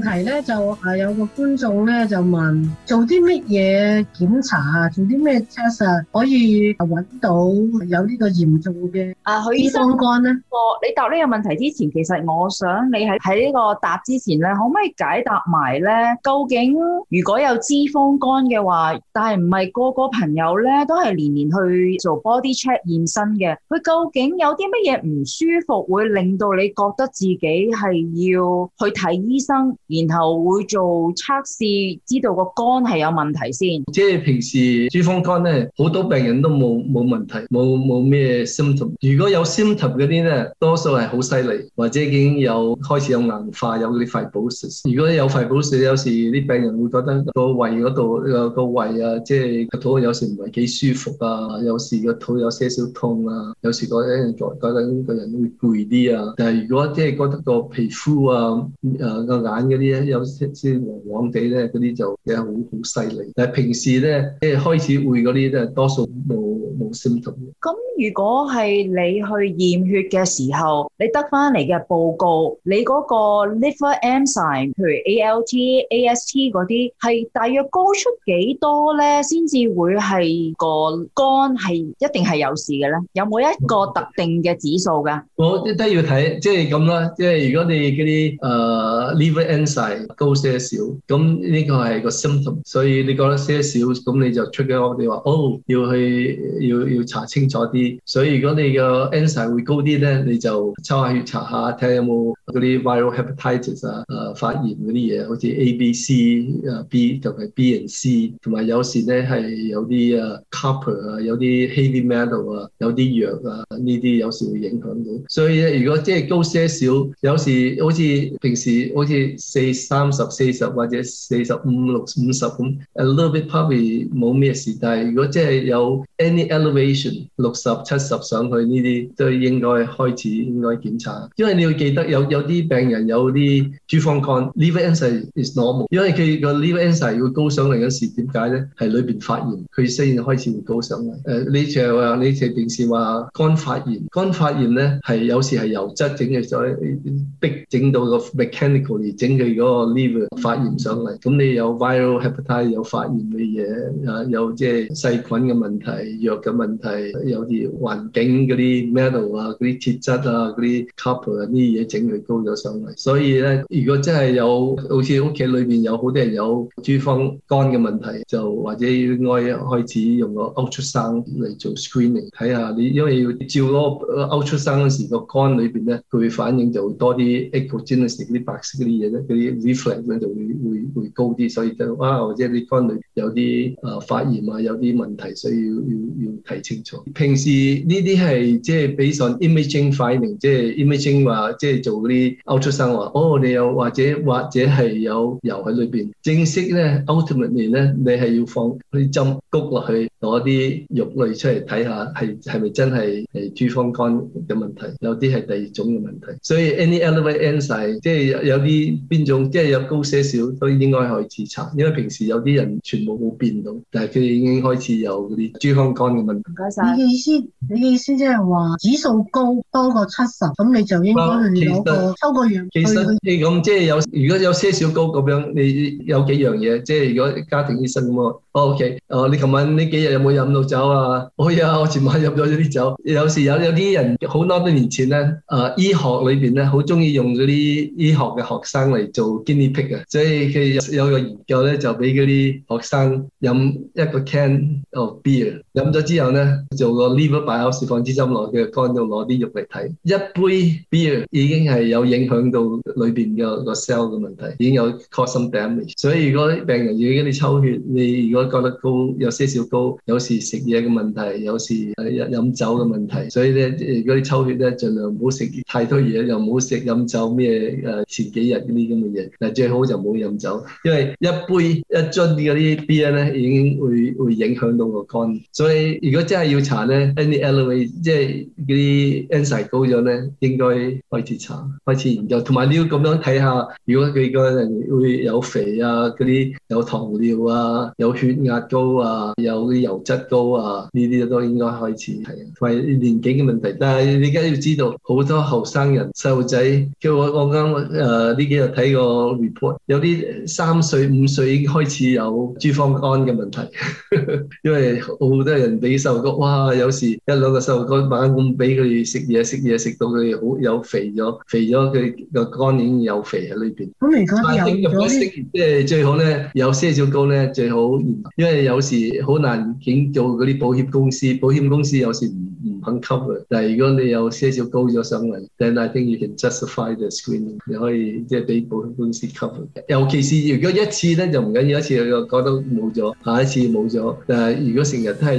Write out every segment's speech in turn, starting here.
問題咧就誒，有個觀眾咧就問做啲乜嘢檢查啊，做啲咩測試可以揾到有呢個嚴重嘅啊？許醫生，脂肪肝咧？你答呢個問題之前，其實我想你喺喺呢個答之前咧，可唔可以解答埋咧？究竟如果有脂肪肝嘅話，但係唔係個個朋友咧都係年年去做 body check 驗身嘅？佢究竟有啲乜嘢唔舒服會令到你覺得自己係要去睇醫生？然後會做測試，知道個肝係有問題先。即係平時脂肪肝咧，好多病人都冇冇問題，冇冇咩 symptom。如果有 symptom 嗰啲咧，多數係好犀利，或者已經有開始有硬化，有啲肺寶石。如果有肺寶石，有時啲病人會覺得個胃嗰度個個胃啊，即係個肚有時唔係幾舒服啊，有時個肚有些少痛啊，有時覺得覺得覺得個人再個人都會攰啲啊。但係如果即係覺得個皮膚啊，誒、呃、個眼嘅，有啲黃黃地咧，嗰啲就梗係好好犀利。但係平時咧，即係開始會嗰啲都係多數冇冇 symptom。咁如果係你去驗血嘅時候，你得翻嚟嘅報告，你嗰個 liver enzyme，譬如 A L T、A S T 嗰啲，係大約高出幾多咧，先至會係個肝係一定係有事嘅咧？有冇一個特定嘅指數㗎？我都都要睇，即係咁啦。即係如果你嗰啲誒 liver en 高些少，咁呢個係個 symptom，所以你覺得些少，咁你就出咗我哋話哦，要去要要查清楚啲，所以如果你個 answer 會高啲咧，你就抽下血查下睇下有冇。嗰啲 viral hepatitis 啊，誒發炎嗰啲嘢，好似 A、B、C，誒 B 就係 B and C，同埋有時咧係有啲誒 copper 啊，有啲 heavy metal 啊，有啲藥啊，呢啲有時會影響到。所以咧，如果即係高些少，有時好似平時好似四三十、四十或者四十五六、五十咁，a little bit probably 冇咩事。但係如果即係有 any elevation 六十七十上去呢啲，都應該開始應該檢查，因為你要記得有有。有啲病人有啲脂肪肝，Liver enzyme is normal，因為佢個 Liver enzyme 要高上嚟嗰時點解咧？係裏邊發炎，佢先開始會高上嚟。誒、呃，呢隻話呢隻平時話肝發炎，肝發炎咧係有時係油質整嘅，所以逼整到個 mechanical 嚟整嘅嗰個 Liver 發炎上嚟。咁你有 viral hepatitis 有發炎嘅嘢，誒有即係細菌嘅問題，藥嘅問題，有啲環境嗰啲 metal 啊、嗰啲鐵質啊、嗰啲 copper 啲嘢整佢。高咗上嚟，所以咧，如果真係有好似屋企裏面有好多人有脂肪肝嘅問題，就或者要開開始用個 ultrasound 嚟做 screening 睇下你，因為要照多 ultrasound 嗰時個肝裏邊咧，佢會反應就會多啲 echogenicity 啲白色嗰啲嘢咧，嗰啲 reflex 咧就會會會高啲，所以就啊或者你肝裏有啲啊、呃、發炎啊有啲問題，所以要要要睇清楚。平時呢啲係即係比上 imaging finding，即係 imaging 話即係做。啲凹出生話，哦，你又或者或者係有油喺裏邊，正式咧，ultimately 咧，你係要放啲針谷落去攞啲肉類出嚟睇下，係係咪真係係脂肪肝嘅問題？有啲係第二種嘅問題，所以 any elevate enzyme，即係有啲邊種，即係有高些少都應該可以自查，因為平時有啲人全部冇變到，但係佢哋已經開始有嗰啲脂肪肝嘅問題。唔該晒，你嘅意思，你嘅意思即係話指數高多過七十，咁你就應該去抽個樣。其實你咁即係有，如果有些少高咁樣，你有幾樣嘢。即係如果家庭醫生咁咯。O K，哦，okay, 呃、你琴晚呢幾日有冇飲到酒啊？我、哎、啊，我前晚飲咗啲酒。有時有有啲人好多多年前咧，啊、呃，醫學裏邊咧好中意用嗰啲醫學嘅學生嚟做 guinea pig 嘅，所以佢有個研究咧就俾嗰啲學生飲一個 can of beer。飲咗之後咧，做個 Liver biopsy 放支針落嘅肝度攞啲肉嚟睇。一杯 beer 已經係有影響到裏邊嘅個 cell 嘅問題，已經有 cause some damage。所以如果病人要跟你抽血，你如果覺得高有些少高，有時食嘢嘅問題，有時誒飲酒嘅問題，所以咧如果抽血咧，儘量唔好食太多嘢，又唔好食飲酒咩誒前幾日嗰啲咁嘅嘢。但最好就唔好飲酒，因為一杯一樽嗰啲 beer 咧已經會會影響到個肝，所以。如果真係要查咧，any elevate，即係嗰啲 enzyme 高咗咧，應該開始查，開始研究。同埋你要咁樣睇下，如果佢個人會有肥啊，嗰啲有糖尿啊，有血壓高啊，有啲油質高啊，呢啲都應該開始係啊，同埋年紀嘅問題。但係你而家要知道，好多後生人、細路仔，叫我我啱誒呢幾日睇個 report，有啲三歲、五歲已經開始有脂肪肝嘅問題， 因為好多。即人俾瘦骨，哇！有時一攞個瘦骨，板咁俾佢食嘢，食嘢食到佢好有肥咗，肥咗佢個肝已經有肥喺裏邊。我明解。有咗即係最好咧，有些少高咧最好，因為有時好難點做嗰啲保險公司，保險公司有時唔唔肯 cover。但係如果你有些少高咗上嚟，then I think you can justify the screen，你可以即係俾保險公司 cover。尤其是如果一次咧就唔緊要，一次佢就覺得冇咗，下一次冇咗。但係如果成日都係。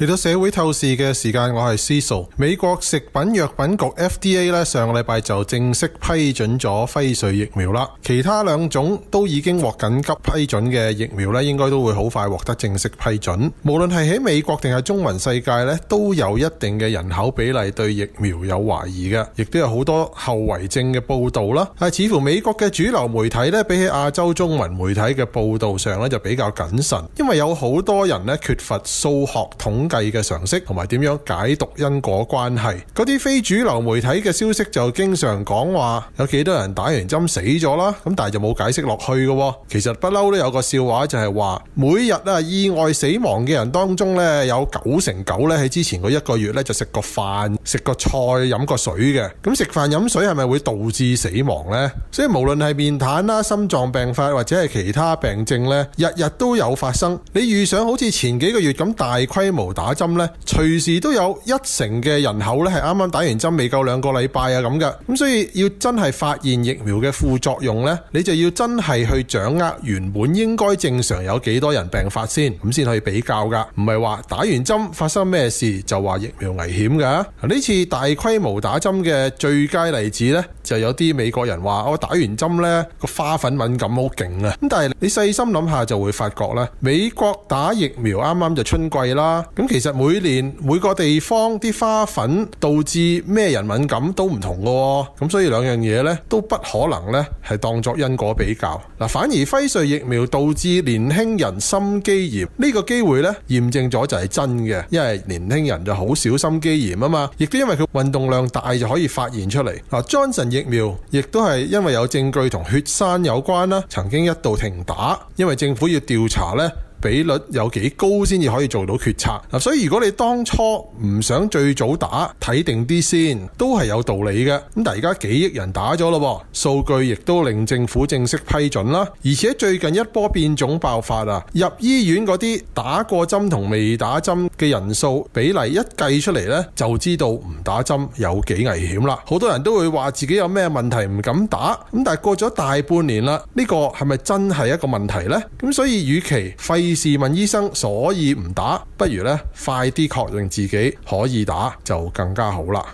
嚟到社會透視嘅時間，我係思素。美國食品藥品局 FDA 咧，上個禮拜就正式批准咗輝瑞疫苗啦。其他兩種都已經獲緊急批准嘅疫苗咧，應該都會好快獲得正式批准。無論係喺美國定係中文世界咧，都有一定嘅人口比例對疫苗有懷疑嘅，亦都有好多後遺症嘅報道啦。係似乎美國嘅主流媒體咧，比起亞洲中文媒體嘅報道上咧，就比較謹慎，因為有好多人咧缺乏數學統計嘅常識同埋點樣解讀因果關係，嗰啲非主流媒體嘅消息就經常講話有幾多人打完針死咗啦，咁但係就冇解釋落去嘅。其實不嬲都有個笑話就，就係話每日啊意外死亡嘅人當中呢，有九成九呢喺之前嗰一個月呢，就食個飯、食個菜、飲個水嘅。咁食飯飲水係咪會導致死亡呢？所以無論係面癱啦、心臟病發或者係其他病症呢，日日都有發生。你遇上好似前幾個月咁大規模。打針咧，隨時都有一成嘅人口咧係啱啱打完針未夠兩個禮拜啊咁嘅，咁所以要真係發現疫苗嘅副作用咧，你就要真係去掌握原本應該正常有幾多人病發先，咁先可以比較㗎。唔係話打完針發生咩事就話疫苗危險㗎、啊。呢次大規模打針嘅最佳例子咧，就有啲美國人話我、哦、打完針咧個花粉敏感好勁啊，咁但係你細心諗下就會發覺啦，美國打疫苗啱啱就春季啦，咁。其實每年每個地方啲花粉導致咩人敏感都唔同嘅喎、哦，咁所以兩樣嘢呢都不可能呢係當作因果比較。嗱，反而輝瑞疫苗導致年輕人心肌炎呢、呢個機會呢驗證咗就係真嘅，因為年輕人就好小心肌炎啊嘛，亦都因為佢運動量大就可以發現出嚟。嗱、啊、Johnson 疫苗亦都係因為有證據同血栓有關啦，曾經一度停打，因為政府要調查呢。比率有幾高先至可以做到決策，嗱，啊，所以如果你當初唔想最早打，睇定啲先都係有道理嘅。咁但而家幾億人打咗咯，數據亦都令政府正式批准啦。而且最近一波變種爆發啊，入醫院嗰啲打過針同未打針嘅人數比例一計出嚟呢就知道唔打針有幾危險啦。好多人都會話自己有咩問題唔敢打，咁但係過咗大半年啦，呢個係咪真係一個問題呢？咁所以與其費二是問醫生，所以唔打，不如咧快啲確認自己可以打就更加好啦。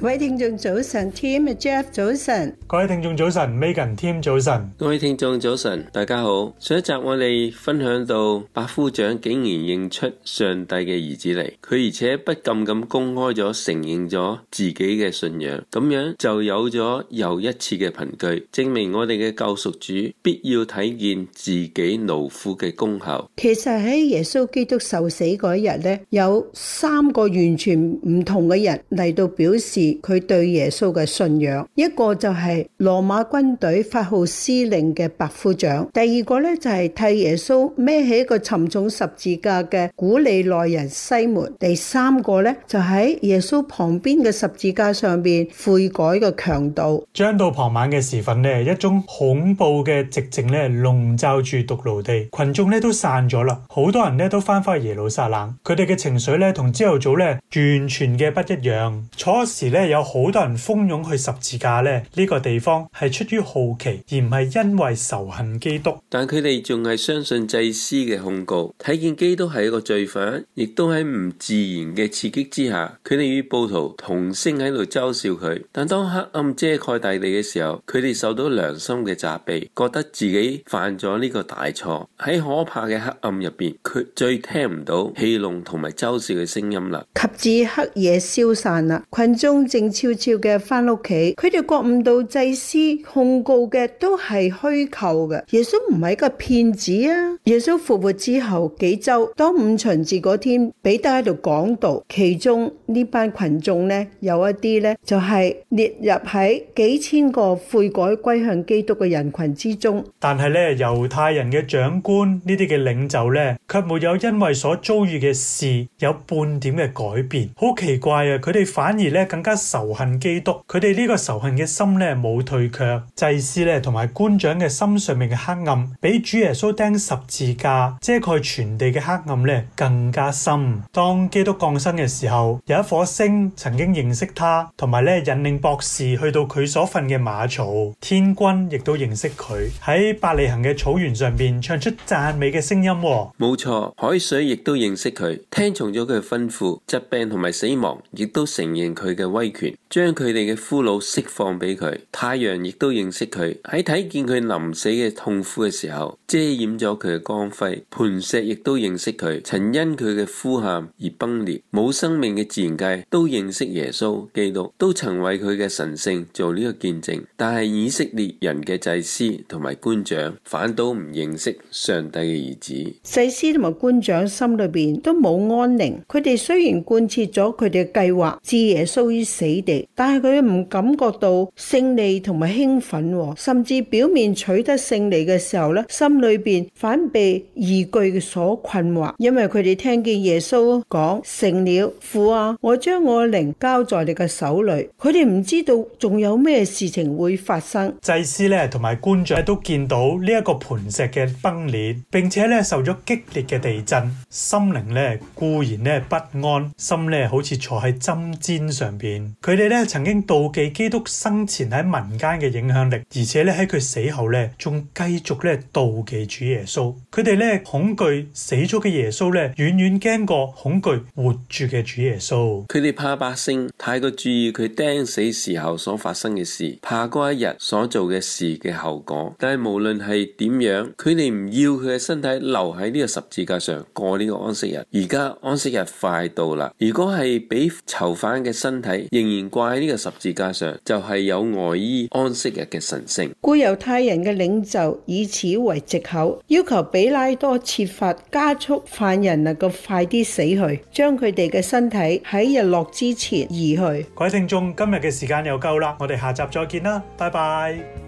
各位聽眾早晨，Tim Jeff 早晨，各位聽眾早晨，Megan Tim 早晨，各位聽眾早晨，大家好。上一集我哋分享到，百夫長竟然認出上帝嘅兒子嚟，佢而且不禁咁公開咗承認咗自己嘅信仰，咁樣就有咗又一次嘅憑據，證明我哋嘅救贖主必要睇見自己勞苦嘅功效。其實喺耶穌基督受死嗰一日呢，有三個完全唔同嘅人嚟到表示。佢對耶穌嘅信仰，一個就係羅馬軍隊發號施令嘅百夫長，第二個咧就係替耶穌孭起一個沉重十字架嘅古利奈人西門，第三個咧就喺耶穌旁邊嘅十字架上邊悔改嘅強盜。將到傍晚嘅時分呢，一種恐怖嘅寂靜咧籠罩住髑髏地，群眾咧都散咗啦，好多人咧都翻翻去耶路撒冷，佢哋嘅情緒咧同朝頭早咧完全嘅不一樣，初時咧。有好多人蜂擁去十字架呢，呢個地方，係出於好奇而唔係因為仇恨基督。但佢哋仲係相信祭司嘅控告，睇見基督係一個罪犯，亦都喺唔自然嘅刺激之下，佢哋與暴徒同聲喺度嘲笑佢。但當黑暗遮蓋大地嘅時候，佢哋受到良心嘅責備，覺得自己犯咗呢個大錯。喺可怕嘅黑暗入邊，佢最聽唔到戲弄同埋嘲笑嘅聲音啦。及至黑夜消散啦，群眾。靜悄悄嘅返屋企，佢哋覺悟到祭司控告嘅都係虛構嘅。耶穌唔係一個騙子啊！耶穌復活之後幾週，當五旬節嗰天，彼得喺度講道，其中呢班群眾呢有一啲呢就係列入喺幾千個悔改歸向基督嘅人群之中。但係呢，猶太人嘅長官呢啲嘅領袖呢，卻沒有因為所遭遇嘅事有半點嘅改變，好奇怪啊！佢哋反而呢更加。仇恨基督，佢哋呢個仇恨嘅心呢，冇退卻，祭司呢，同埋官長嘅心上面嘅黑暗，比主耶穌釘十字架遮蓋全地嘅黑暗呢，更加深。當基督降生嘅時候，有一顆星曾經認識他，同埋咧引領博士去到佢所瞓嘅馬槽。天君亦都認識佢，喺伯利恆嘅草原上面唱出讚美嘅聲音、哦。冇錯，海水亦都認識佢，聽從咗佢嘅吩咐，疾病同埋死亡亦都承認佢嘅威。將佢哋嘅俘虜釋放俾佢，太陽亦都認識佢，喺睇見佢臨死嘅痛苦嘅時候，遮掩咗佢嘅光輝；磐石亦都認識佢，曾因佢嘅呼喊而崩裂；冇生命嘅自然界都認識耶穌基督，都曾為佢嘅神聖做呢個見證。但係以色列人嘅祭司同埋官長反倒唔認識上帝嘅兒子，祭司同埋官長心裏邊都冇安寧。佢哋雖然貫徹咗佢哋嘅計劃，置耶穌於死死地，但係佢唔感覺到勝利同埋興奮，甚至表面取得勝利嘅時候咧，心裏邊反被疑懼所困惑。因為佢哋聽見耶穌講：成了，父啊，我將我靈交在你嘅手裏。佢哋唔知道仲有咩事情會發生。祭司咧同埋官長都見到呢一個磐石嘅崩裂，並且咧受咗激烈嘅地震，心靈咧固然咧不安，心咧好似坐喺針氈上邊。佢哋咧曾經妒忌基督生前喺民間嘅影響力，而且咧喺佢死後咧仲繼續咧妒忌主耶穌。佢哋咧恐懼死咗嘅耶穌咧，遠遠驚過恐懼活住嘅主耶穌。佢哋怕百姓太過注意佢釘死時候所發生嘅事，怕嗰一日所做嘅事嘅後果。但係無論係點樣，佢哋唔要佢嘅身體留喺呢個十字架上過呢個安息日。而家安息日快到啦，如果係俾囚犯嘅身體。仍然掛喺呢個十字架上，就係、是、有外、呃、衣安息日嘅神聖，故猶太人嘅領袖以此為借口，要求比拉多設法加速犯人能夠快啲死去，將佢哋嘅身體喺日落之前移去。各位聽眾，今日嘅時間又夠啦，我哋下集再見啦，拜拜。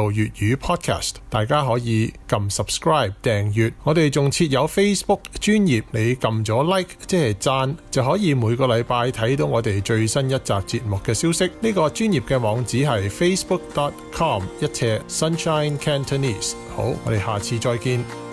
做粵語 podcast，大家可以撳 subscribe 訂閱。我哋仲設有 Facebook 專頁，你撳咗 like 即係讚，就可以每個禮拜睇到我哋最新一集節目嘅消息。呢、這個專頁嘅網址係 facebook dot com 一斜 sunshine cantonese。好，我哋下次再見。